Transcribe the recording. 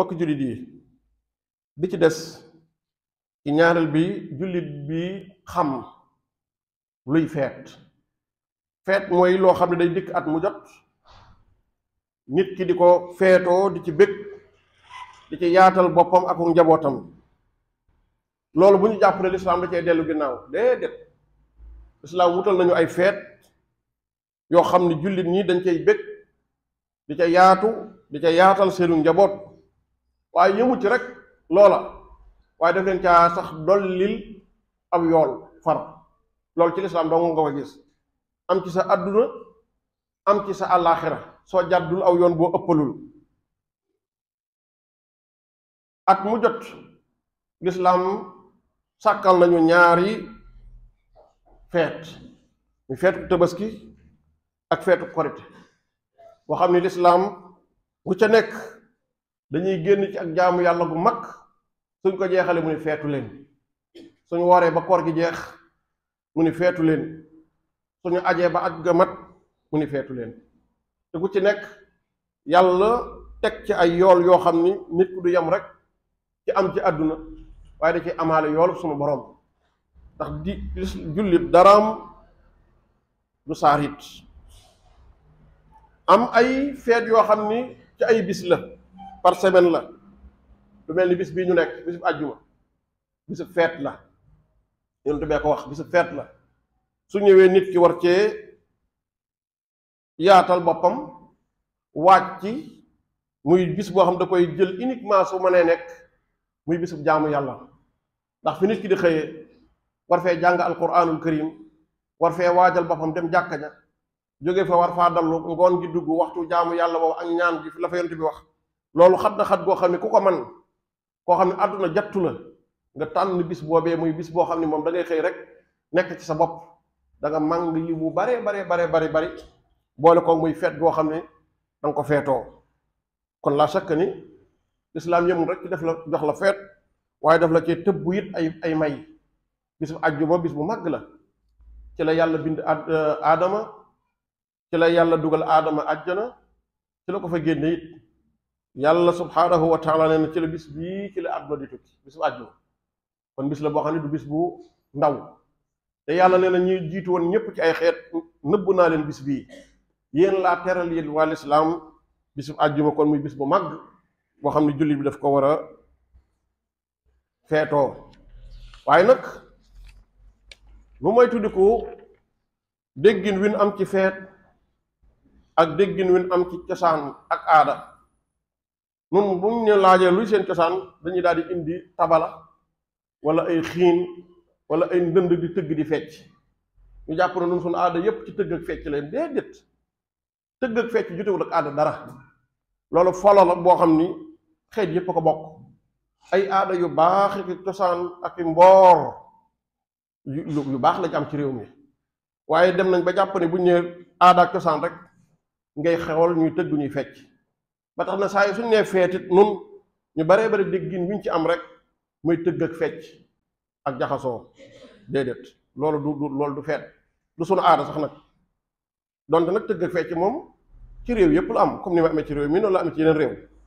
mbokk jullit yi di ci des ci ñaareel bi jullit bi xam luy feet feet mooy loo xam ne day dikk at mu jot nit ki di ko feetoo di ci bëgg di ci yaatal boppam ak njabootam loolu bu ñu jàpp lislaam da cee dellu ginnaaw déedéet lislaam wutal nañu ay feet yoo xam ne jullit ñi dañ cay bëgg di ca yaatu di ca yaatal seenu njaboot waaye yëmu ci rek loola waaye def leen ca sax dollil ab yool far loolu ci lislaam dong nga ko gis am ci sa àdduna am ci sa àllaaxira soo jàddul aw yoon boo ëppalul at mu jot lislaam sàkkal nañu ñaari feet ñu feetu tabaski ak feetu korite boo xam ni lislaam bu ca nekk dañuy génn ci ak jaamu yàlla gu mag suñ ko jeexale mu ni feetu leen suñ wooree ba koor gi jeex mu ni feetu leen suñu ajee ba aj ga mat mu ni feetu leen te ku ci nekk yàlla teg ci ay yool yoo xam ni nit ku du yam rek ci am ci àdduna waaye da ci amaale yoolu suñu borom ndax di jullit daraam du saarit am ay feet yoo xam ni ci ay bis la par semaine la lu melni bis bi ñu nekk bisu aljuma bis fet la ñu bee ko wax bis fet la su ñewé nit ki war ci yaatal bopam wacc ci muy bis bo xam da koy jël uniquement su mané nek muy bis jaamu yalla ndax fi nit ki di xëyee war fee jang alquranul karim war fe wajal bopam dem jakka ja fa war fa dalu ngon gi dugg waxtu jaamu yalla bo ak ñaan gi la fa yent bi wax loolu xat na xat goo xam ne ku ko man koo xam ne àdduna jattu la nga tànn bis boobee muy bis boo xam ne moom da xëy rek nekk ci sa bopp da nga màng yi mu baree baree baree bari bari boole ko muy feet goo xam ne danga ko feetoo kon laa sakk ni lislaam yemul rek ci def la jox la feet waaye def la cee tëbbu it ay ay may bis bu àjjuma bis bu mag la ci la yàlla bind aadama euh, ci la yàlla dugal aadama àjjana ci la ko fa génne it yàlla subhaanahu wa taala nee ci la bis bii ci la àdduna di tukki bis bu àjjuma kon bis la boo xam ne du bis bu ndaw te yàlla nee na ñuy jiitu woon ñëpp ci ay xeet nëbb naa leen bis bii yéen laa teral yéen waa lislaam bis bu àjjuma kon muy bis bu màgg boo xam ne jullit bi daf ko war a feetoo waaye nag lu may tuddiku déggin win am ci feet ak déggin win am ci cosaan ak aada moom buñ ñu ne laajee luy seen ciosan dañu daal di indi tabala wala ay xiin wala ay ndënd di tëgg di fecc ñu japp na nun suñu aada yépp ci tëgg ak fecc leen dédét tëgg ak fecc jotewul ak aada dara loolu folo la boo xam ni xeet yépp ko bokk ay aada yu baax ak ciosan ak mboor yu baax la ci am ci réew mi waaye dem nañ ba jàpp ne bu ñëw aada ak ciosan rek ngay xewal ñuy tëgg ñuy fecc ba tax na saa yu suñu nee feetit nun ñu baree bari déggin wiñ ci am rek muy tëgg ak fecc ak jaxasoo déedéet loolu du du loolu du feet du sunu aada sax nag donte nag tëgg ak fecc moom ci réew yëpp la am comme ni ma amee ci réew mi noonu la amee ci yeneen réew